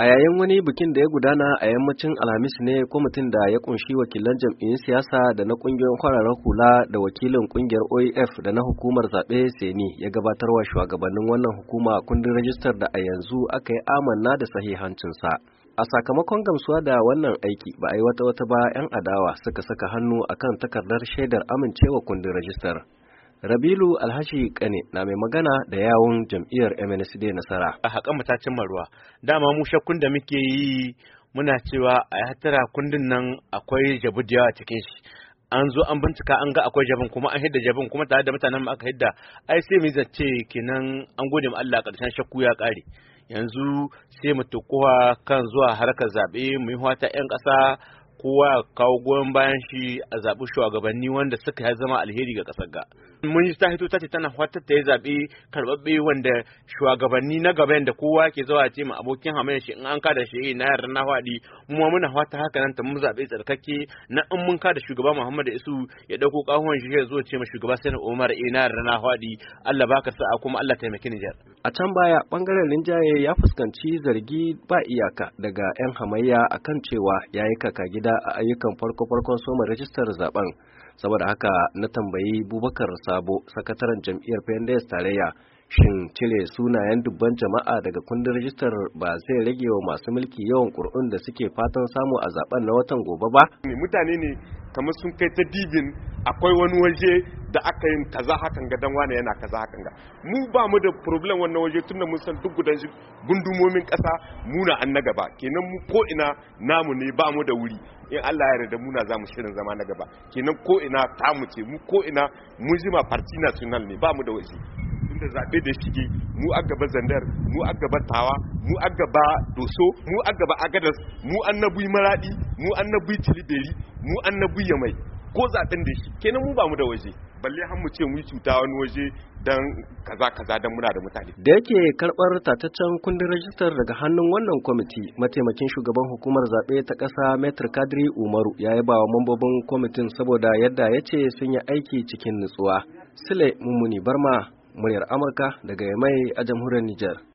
A yayin wani bikin da ya gudana a yammacin Alhamis ne kwamitin da ya kunshi wakilan jam'iyyun siyasa da na kungiyoyin kwararren hula da wakilin kungiyar OEF da na hukumar zaɓe Seni ya gabatar wa shugabannin wannan hukuma kundin rajistar da a yanzu aka yi amanna da sahihancinsa. A sakamakon gamsuwa da wannan aiki ba a yi wata wata ba 'yan adawa suka saka hannu akan takardar shaidar amincewa kundin rajistar. Rabilu Alhashi Kane na mai magana da yawun jam'iyyar MNSD Nasara. A haƙa matacin maruwa, dama mu shakkun da muke yi muna cewa a hatara kundin nan akwai jabu da yawa cikin shi. An zo an bincika an ga akwai jabin kuma an hidda jabin kuma tare da mutanen aka hidda ai sai mu zace kenan an gode ma Allah ƙarshen shakku ya ƙare. Yanzu sai mu tukuwa kan zuwa harkar zaɓe mu yi 'yan ƙasa kowa ya kawo goyon bayan shi a zaɓi shugabanni wanda suka ya zama alheri ga ƙasar ga. Mun yi ta ta ce tana fatar ta yi zaɓe karɓaɓɓe wanda shugabanni na gaba da kowa ke zuwa ce ma abokin hamayya shi in an kada shi na yarda na faɗi mu ma muna fata haka nan ta mun zaɓe tsarkake na in mun kada shugaba Muhammad Isu ya ɗauko ƙahon shi ya zo ce ma shugaba Sani Umar eh na yarda na faɗi Allah baka sa'a kuma Allah taimaki Nijar. a can baya bangaren linjaye ya fuskanci zargi ba iyaka daga 'yan hamayya a kan cewa ya yi kaka gida a ayyukan farko-farkon soma rajistar zaben saboda haka na tambayi bubakar sabo sakataren jam'iyyar pendes tarayya shin cire sunayen dubban jama'a daga kundin rajistar ba zai rage wa masu mulki yawan kur'un da suke fatan samu a zaben na watan gobe ba mutane ne kamar sun kai ta dibin akwai wani waje da aka yin kaza hakan ga dan wane yana kaza hakan ga mu ba mu da problem wannan waje tunda mun san duk gudan gundumomin kasa muna an na gaba kenan mu ko ina namu ne ba mu da wuri in Allah ya yarda muna mu shirin zama na gaba kenan ko ina mu ce mu ko ina mun jima parti national ne ba mu da waje da zaɓe da shige mu a gaba zandar mu a gaba tawa mu a gaba doso mu a gaba agadas mu annabi maradi mu annabi tiliberi mu annabi yamai ko zaɓen da shi kenan mu ba mu da waje balle har mu ce mu cuta wani waje dan kaza kaza dan muna da mutane da yake karbar tataccen kundin rajistar daga hannun wannan kwamiti mataimakin shugaban hukumar zabe ta ƙasa Metr Kadri Umaru ya yi bawa mambobin kwamitin saboda yadda ya ce sun yi aiki cikin nutsuwa Sule Mummuni Barma muryar Amurka daga Yamai a jamhuriyar Nijar